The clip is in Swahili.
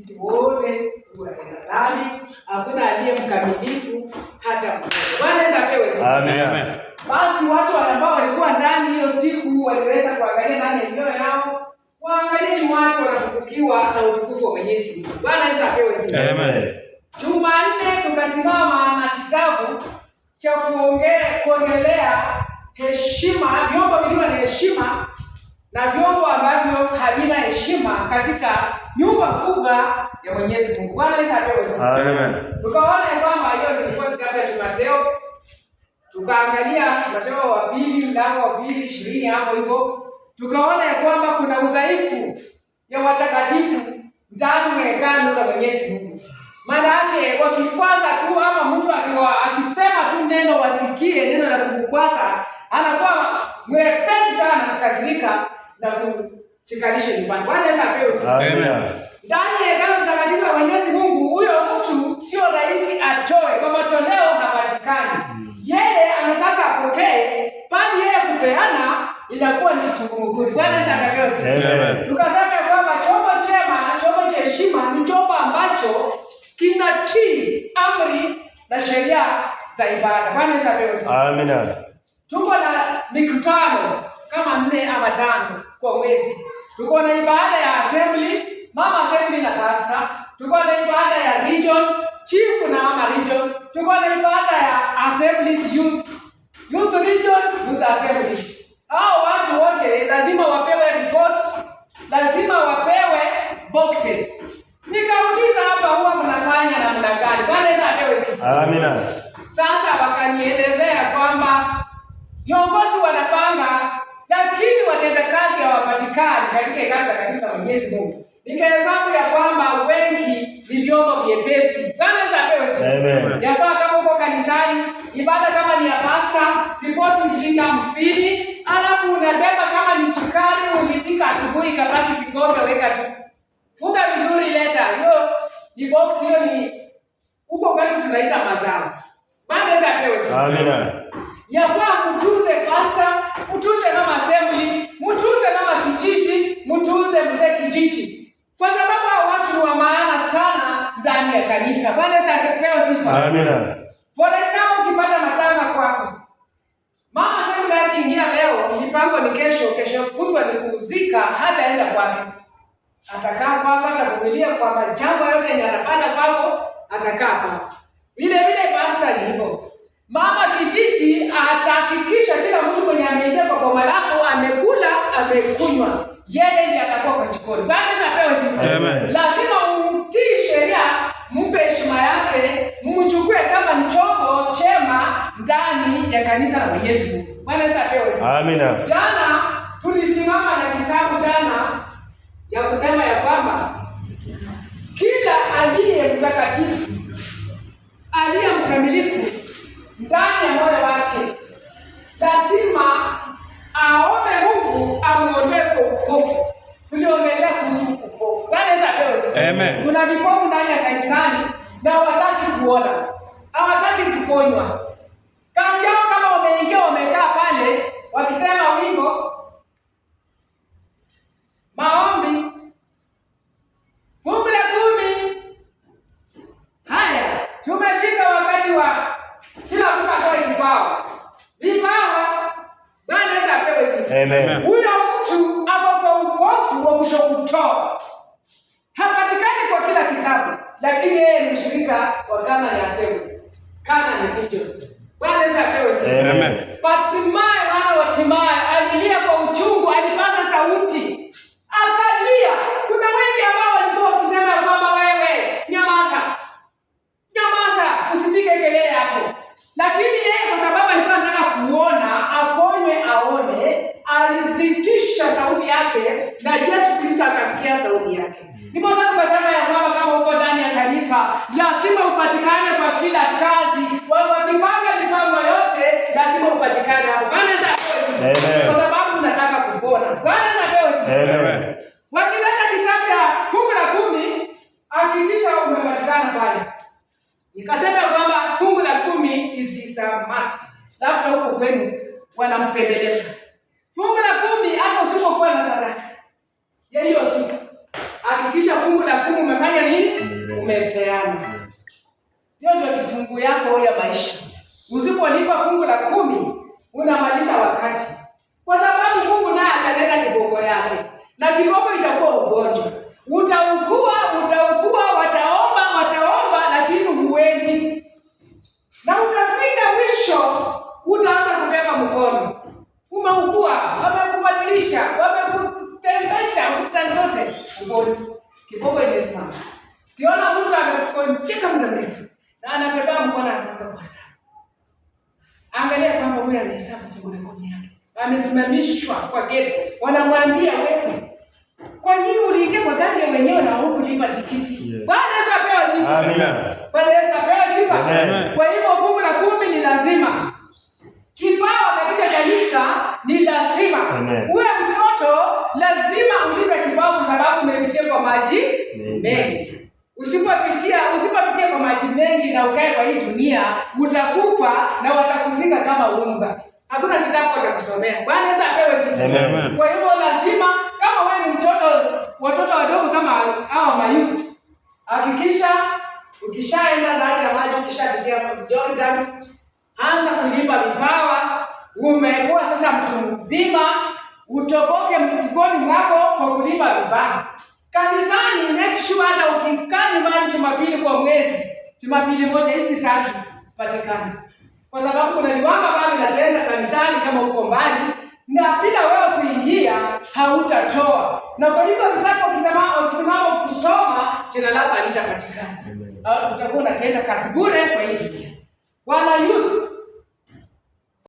Sisi wote huwa tuna dhambi, hakuna aliye mkamilifu hata mmoja. Bwana Yesu apewe sifa. Amen. Amen. Basi watu ambao walikuwa ndani hiyo siku waliweza kuangalia ndani ya mioyo yao, waangalie ni wapi wanapungukiwa na utukufu wa Mwenyezi Mungu. Bwana Yesu apewe sifa. Amen. Jumanne tukasimama na kitabu cha kuongelea heshima, vyombo vilivyo ni heshima na vyombo ambavyo havina heshima katika nyumba kubwa ya Mwenyezi Mungu. Bwana Yesu asifiwe. Amen. Tukaona kwamba hiyo ilikuwa kitabu cha Mateo, tukaangalia Mateo wa pili mlango wa pili ishirini hapo hivyo, tukaona ya kwamba kuna udhaifu ya watakatifu ndani ya hekalu la Mwenyezi Mungu. Maana yake wakikwaza tu ama mtu akiwa akisema tu neno wasikie neno la kukukwasa, anakuwa mwepesi sana kukasirika na kuchikanisha nyumbani. Bwana Yesu apewe sifa. Amen. Ndani ya hekalu takatifu la Mwenyezi Mungu, huyo mtu sio rahisi atoe kwa matoleo, hapatikani. Mm. Yeye anataka apokee, bali yeye kupeana inakuwa ni kizungumkuti. Bwana Yesu apewe sifa. Amen. Tukasema kwamba chombo chema, chombo cha heshima ni chombo ambacho kinatii amri na sheria za ibada. Bwana Yesu apewe sifa. Amen. Tuko na mikutano kama nne ama tano kwa mwezi. Tuko na ibada ya assembly, mama assembly na pastor, tuko na ibada ya region, chief na mama region, tuko na ibada ya assemblies youth, youth region, youth assembly. Hao watu wote lazima wapewe reports, lazima wapewe boxes. Nikauliza hapa huwa mnafanya namna gani? Bwana Yesu apewe sifa. Amina. Sasa wakanielezea kwamba viongozi wanapanga katika hekalu takatifu la Mwenyezi Mungu. Nikahesabu ya kwamba wengi ni vyombo vyepesi. Kanaweza apewe sifa. Yafaa kama uko kanisani, ibada kama ni ya pasta, ripoti shilingi hamsini, alafu unabeba kama ni sukari ulipika asubuhi kabaki kikombe weka tu. Funga vizuri leta. Hiyo ni box hiyo ni huko kwetu tunaita mazao. Kanaweza apewe sifa. Amen. Yafaa kutunze pasta, kutunze kama assembly, mtunze kama kijiji mtuuze mzee kijiji, kwa sababu hao watu ni wa maana sana ndani ya kanisa. Bwana Yesu akapewa sifa. Amina. For example, ukipata matanga kwako, mama sasa ndaki ingia leo, mipango ni kesho, kesho kutwa ni kuuzika, hata enda kwake. Atakaa kwako, atavumilia kwa majambo yote yenye anapata kwako, atakaa kwako. Vile vile pasta ni hivyo. Mama kijiji atahakikisha kila mtu mwenye ameingia kwa boma lako amekula, amekunywa yeye ndiye atakuwa kwa jikoni. Bwana apewe sifa. Amen. Lazima umtii sheria, mpe heshima yake, mumchukue kama ni chombo chema ndani ya kanisa la Mwenyezi Mungu. Bwana apewe sifa. Amina. Jana tulisimama na kitabu jana ya kusema ya kwamba kila aliye mtakatifu aliye mkamilifu ndani ya moyo wake lazima Amen. Kuna vipofu ndani ya kanisani na hawataki kuona, hawataki kuponywa. Kazi yao kama wameingia, wamekaa pale wakisema wimbo, maombi, fungu la kumi. Haya, tumefika wakati wa kila mtu atoe kipawa, vipawa. Bwana Yesu apewe sifa. Amen. Huyo mtu ako kwa upofu wa kutokutoa hapatikani kwa kila kitabu, lakini yeye ni mshirika wa Kana ya Sebu. Kana ni hicho. Bwana Yesu apewe sifa. Amen. Patimae mwana wa Timae alilia kwa uchungu, alipaza sauti akalia. Kuna wengi ambao walikuwa wakisema kwamba wewe nyamaza, nyamaza, usipige kelele hapo, lakini yeye kwa sababu alikuwa anataka kuona aponywe, aone alizitisha sauti yake na Yesu Kristo akasikia sauti yake. Mm. Ndipo Ndiposa tukasema ya kwamba kama uko ndani ya kanisa, lazima upatikane kwa kila kazi, wakipanga mipango yote, lazima upatikane hapo. Bwana apewe sifa, kwa sababu unataka kupona. Bwana apewe sifa. Wakileta kitabu ya fungu la kumi, hakikisha umepatikana pale. Nikasema kwamba fungu la kumi it is a must, labda huko kwenu wanampendeleza ya hiyo siku, hakikisha fungu la kumi umefanya nini? Umepeana. Hiyo ndio kifungu yako ya maisha. Usipolipa fungu la kumi unamaliza wakati, kwa sababu fungu naye ataleta kiboko yake, na kiboko itakuwa ugonjwa. Utaugua, utaugua, wataomba, wataomba, lakini huendi, na utafika mwisho utaanza kubeba mkono, umeugua, wamekubadilisha, wame uboni, kiboko imesimama. Ukiona mtu amekonjeka muda mrefu na anabeba mkono anaanza kuhesabu, angalia kwamba huyo anahesabu fungu la kodi yake. Amesimamishwa kwa geti, wanamwambia wewe, kwa nini uliingia kwa gari ya wenyewe na hukulipa tikiti? Yes. Bwana Yesu apewe sifa. Amina. Bwana Yesu apewe sifa. Kwa hiyo usipopitia usipopitia kwa maji mengi na ukae kwa hii dunia, utakufa na watakuzika kama unga. Hakuna kitabu cha kusomea. Bwana Yesu apewe sifa. Kwa hivyo lazima, kama wewe ni mtoto, watoto wadogo kama hawa mayuti, hakikisha ukishaenda ndani ya maji, ukishapitia Jordan, anza kulipa vipawa. Umekuwa sasa mtu mzima, utokoke mfukoni mwako kwa kulipa vipawa. Kanisani make sure hata ukikaa nyumbani Jumapili kwa mwezi, Jumapili moja hizi tatu patikana. Kwa sababu kuna liwanga bado natenda kanisani kama uko mbali na bila wewe kuingia hautatoa. Na kwa hizo mtako ukisema ukisimama kusoma jina lako halitapatikana. Utakuwa unatenda kazi bure kwa hii dunia. Wana youth